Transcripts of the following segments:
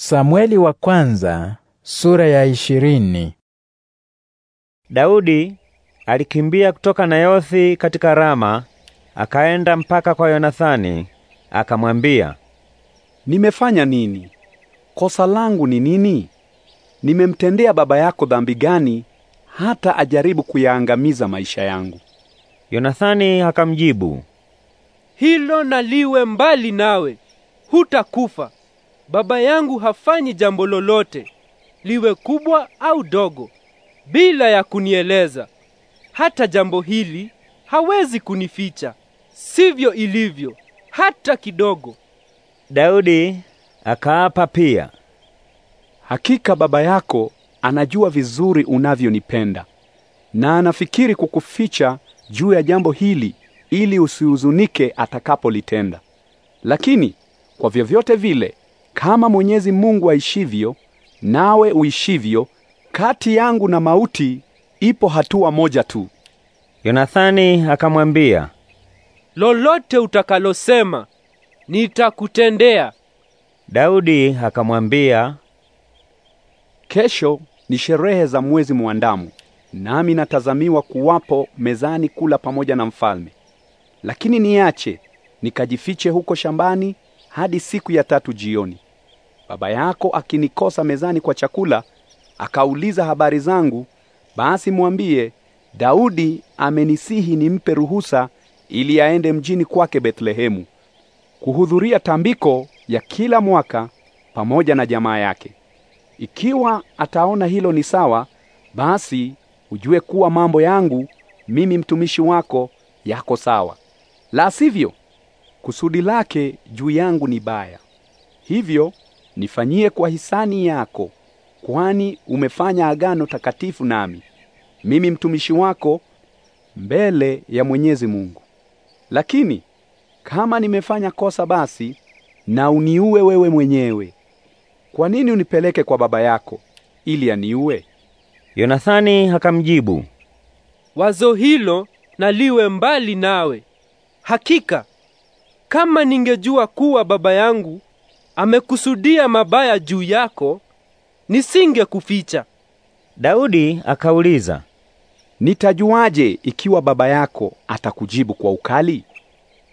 Samueli wa kwanza sura ya ishirini. Daudi alikimbia kutoka Nayothi katika Rama akaenda mpaka kwa Yonathani akamwambia, nimefanya nini? Kosa langu ni nini? Nimemtendea baba yako dhambi gani hata ajaribu kuyaangamiza maisha yangu? Yonathani akamjibu, hilo naliwe mbali nawe, hutakufa. Baba yangu hafanyi jambo lolote liwe kubwa au dogo bila ya kunieleza. Hata jambo hili hawezi kunificha, sivyo ilivyo hata kidogo. Daudi akaapa pia, hakika baba yako anajua vizuri unavyonipenda na anafikiri kukuficha juu ya jambo hili ili usihuzunike atakapolitenda. Lakini kwa vyovyote vile kama Mwenyezi Mungu aishivyo nawe uishivyo, kati yangu na mauti ipo hatua moja tu. Yonathani akamwambia, lolote utakalosema nitakutendea. Daudi akamwambia, kesho ni sherehe za mwezi mwandamu, nami natazamiwa kuwapo mezani kula pamoja na mfalme, lakini niache nikajifiche huko shambani hadi siku ya tatu jioni. Baba yako akinikosa mezani kwa chakula, akauliza habari zangu, basi mwambie Daudi amenisihi nimpe ruhusa ili aende mjini kwake Bethlehemu kuhudhuria tambiko ya kila mwaka pamoja na jamaa yake. Ikiwa ataona hilo ni sawa, basi ujue kuwa mambo yangu mimi mtumishi wako yako sawa, la sivyo kusudi lake juu yangu ni baya. Hivyo nifanyie kwa hisani yako, kwani umefanya agano takatifu nami, mimi mtumishi wako, mbele ya Mwenyezi Mungu. Lakini kama nimefanya kosa, basi na uniue wewe mwenyewe. Kwa nini unipeleke kwa baba yako ili aniue? Yonathani akamjibu, wazo hilo na liwe mbali nawe. Hakika kama ningejua kuwa baba yangu amekusudia mabaya juu yako, nisinge kuficha Daudi akauliza, nitajuaje ikiwa baba yako atakujibu kwa ukali?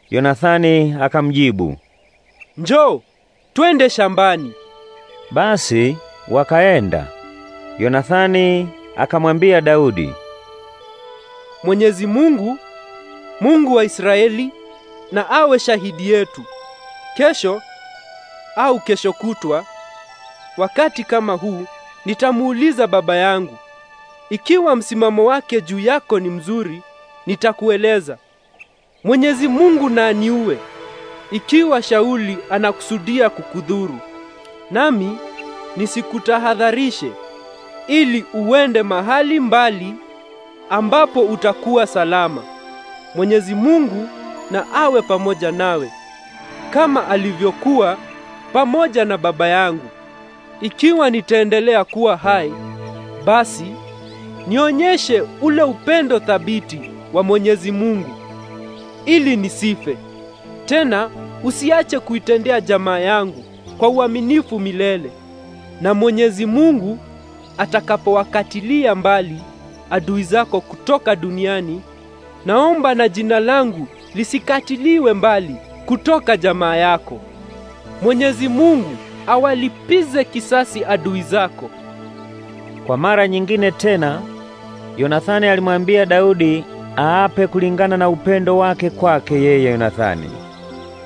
Yonathani akamjibu, njoo twende shambani. Basi wakaenda. Yonathani akamwambia Daudi, Mwenyezi Mungu, Mungu wa Israeli, na awe shahidi yetu. Kesho au kesho kutwa, wakati kama huu, nitamuuliza Baba yangu, ikiwa msimamo wake juu yako ni mzuri, nitakueleza. Mwenyezi Mungu na aniue ikiwa Shauli anakusudia kukudhuru, nami nisikutahadharishe ili uende mahali mbali ambapo utakuwa salama. Mwenyezi Mungu na awe pamoja nawe kama alivyokuwa pamoja na Baba yangu. Ikiwa nitaendelea kuwa hai, basi nionyeshe ule upendo thabiti wa Mwenyezi Mungu ili nisife. Tena usiache kuitendea jamaa yangu kwa uaminifu milele. Na Mwenyezi Mungu atakapowakatilia mbali adui zako kutoka duniani, naomba na jina langu lisikatiliwe mbali kutoka jamaa yako. Mwenyezi Mungu awalipize kisasi adui zako. Kwa mara nyingine tena, Yonathani alimwambia Daudi aape kulingana na upendo wake kwake yeye Yonathani,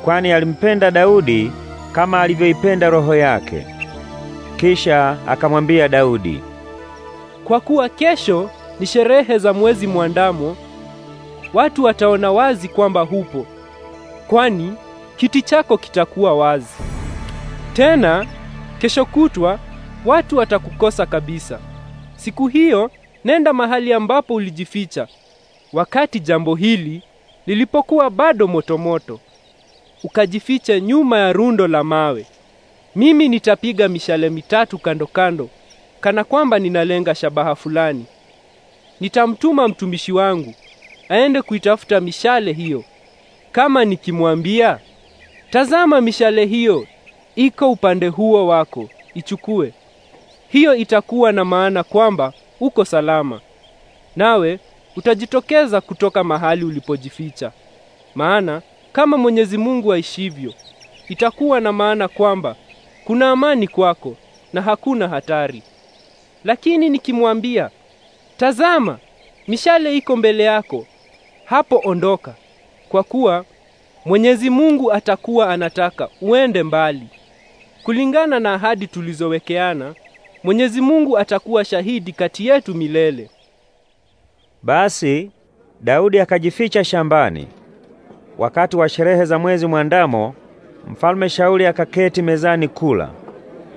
kwani alimpenda Daudi kama alivyoipenda roho yake. Kisha akamwambia Daudi, kwa kuwa kesho ni sherehe za mwezi mwandamo, watu wataona wazi kwamba hupo, kwani kiti chako kitakuwa wazi. Tena kesho kutwa watu watakukosa kabisa. Siku hiyo nenda mahali ambapo ulijificha wakati jambo hili lilipokuwa bado motomoto, ukajifiche nyuma ya rundo la mawe. Mimi nitapiga mishale mitatu kando kando, kana kwamba ninalenga shabaha fulani. Nitamtuma mtumishi wangu aende kuitafuta mishale hiyo. Kama nikimwambia Tazama mishale hiyo iko upande huo wako, ichukue. Hiyo itakuwa na maana kwamba uko salama, nawe utajitokeza kutoka mahali ulipojificha. Maana kama Mwenyezi Mungu aishivyo, itakuwa na maana kwamba kuna amani kwako na hakuna hatari. Lakini nikimwambia, tazama mishale iko mbele yako, hapo ondoka, kwa kuwa Mwenyezi Mungu atakuwa anataka uende mbali. Kulingana na ahadi tulizowekeana, Mwenyezi Mungu atakuwa shahidi kati yetu milele. Basi Daudi akajificha shambani. Wakati wa sherehe za mwezi mwandamo, Mfalme Shauli akaketi mezani kula.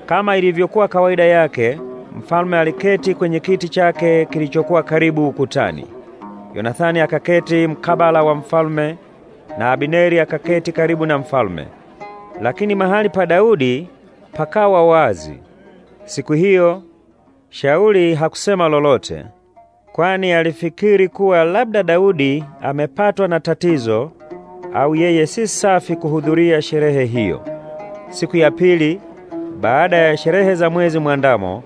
Kama ilivyokuwa kawaida yake, mfalme aliketi kwenye kiti chake kilichokuwa karibu ukutani. Yonathani akaketi mkabala wa mfalme na Abineri akaketi karibu na mfalme. Lakini mahali pa Daudi pakawa wazi. Siku hiyo Shauli hakusema lolote, kwani alifikiri kuwa labda Daudi amepatwa na tatizo au yeye si safi kuhudhuria sherehe hiyo. Siku ya pili baada ya sherehe za mwezi mwandamo,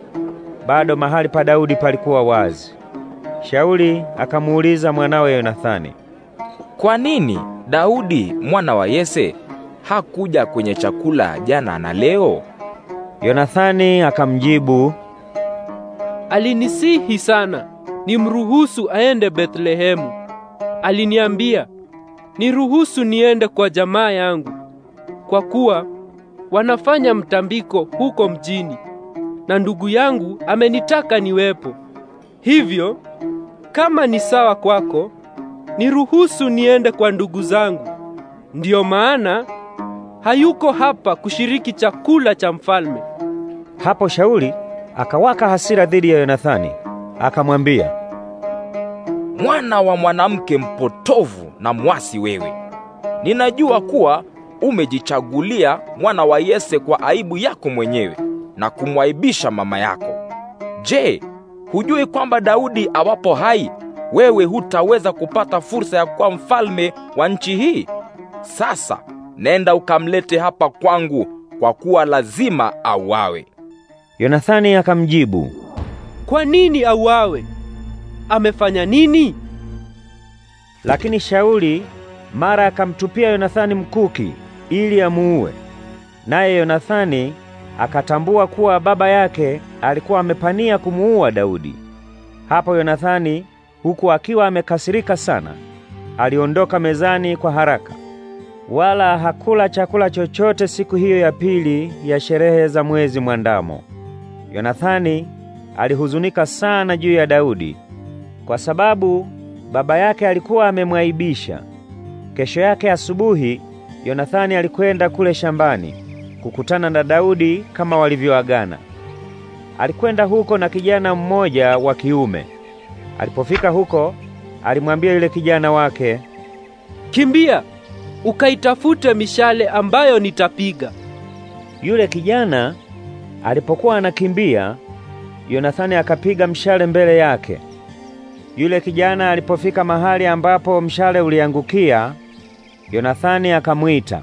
bado mahali pa Daudi palikuwa wazi. Shauli akamuuliza mwanawe Yonathani, kwa nini Daudi mwana wa Yese hakuja kwenye chakula jana na leo? Yonathani akamjibu, alinisihi sana nimruhusu aende Bethlehemu. Aliniambia, niruhusu niende kwa jamaa yangu, kwa kuwa wanafanya mtambiko huko mjini, na ndugu yangu amenitaka niwepo. Hivyo kama ni sawa kwako, niruhusu niende kwa ndugu zangu. Ndiyo maana hayuko hapa kushiriki chakula cha mfalme. Hapo Shauli akawaka hasira dhidi ya Yonathani, akamwambia, mwana wa mwanamke mpotovu na mwasi wewe, ninajua kuwa umejichagulia mwana wa Yese kwa aibu yako mwenyewe na kumwaibisha mama yako. Je, hujui kwamba Daudi awapo hai wewe hutaweza kupata fursa ya kuwa mfalme wa nchi hii. Sasa nenda ukamlete hapa kwangu, kwa kuwa lazima auawe. Yonathani akamjibu, kwa nini auawe? Amefanya nini? Lakini Shauli mara akamtupia Yonathani mkuki ili amuue, naye Yonathani akatambua kuwa baba yake alikuwa amepania kumuua Daudi. Hapo Yonathani huku akiwa amekasirika sana, aliondoka mezani kwa haraka. Wala hakula chakula chochote siku hiyo ya pili ya sherehe za mwezi mwandamo. Yonathani alihuzunika sana juu ya Daudi kwa sababu baba yake alikuwa amemwaibisha. Kesho yake asubuhi, Yonathani alikwenda kule shambani kukutana na Daudi kama walivyoagana. Alikwenda huko na kijana mmoja wa kiume Alipofika huko, alimwambia yule kijana wake, kimbia ukaitafute mishale ambayo nitapiga. Yule kijana alipokuwa anakimbia, Yonathani akapiga mshale mbele yake. Yule kijana alipofika mahali ambapo mshale uliangukia, Yonathani akamwita,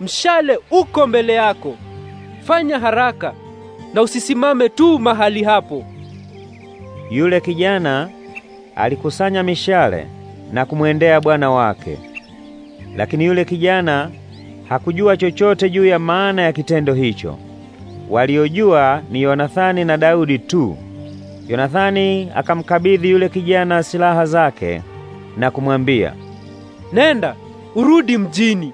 mshale uko mbele yako, fanya haraka na usisimame tu mahali hapo. Yule kijana alikusanya mishale na kumwendea bwana wake, lakini yule kijana hakujua chochote juu ya maana ya kitendo hicho. Waliojua ni Yonathani na Daudi tu. Yonathani akamkabidhi yule kijana silaha zake na kumwambia, nenda urudi mjini.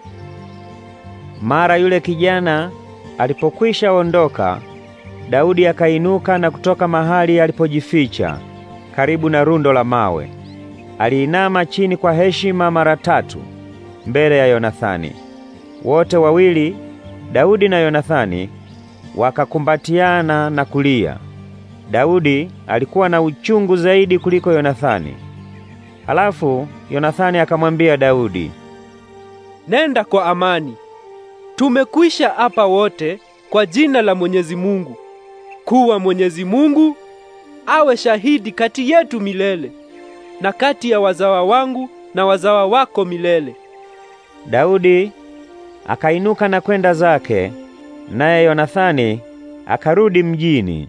Mara yule kijana alipokwisha ondoka Daudi akainuka na kutoka mahali alipojificha karibu na rundo la mawe. Aliinama chini kwa heshima mara tatu mbele ya Yonathani. Wote wawili, Daudi na Yonathani, wakakumbatiana na kulia. Daudi alikuwa na uchungu zaidi kuliko Yonathani. Halafu Yonathani akamwambia Daudi, Nenda kwa amani. Tumekwisha hapa wote kwa jina la Mwenyezi Mungu kuwa Mwenyezi Mungu awe shahidi kati yetu milele na kati ya wazawa wangu na wazawa wako milele. Daudi akainuka na kwenda zake, naye Yonathani akarudi mjini.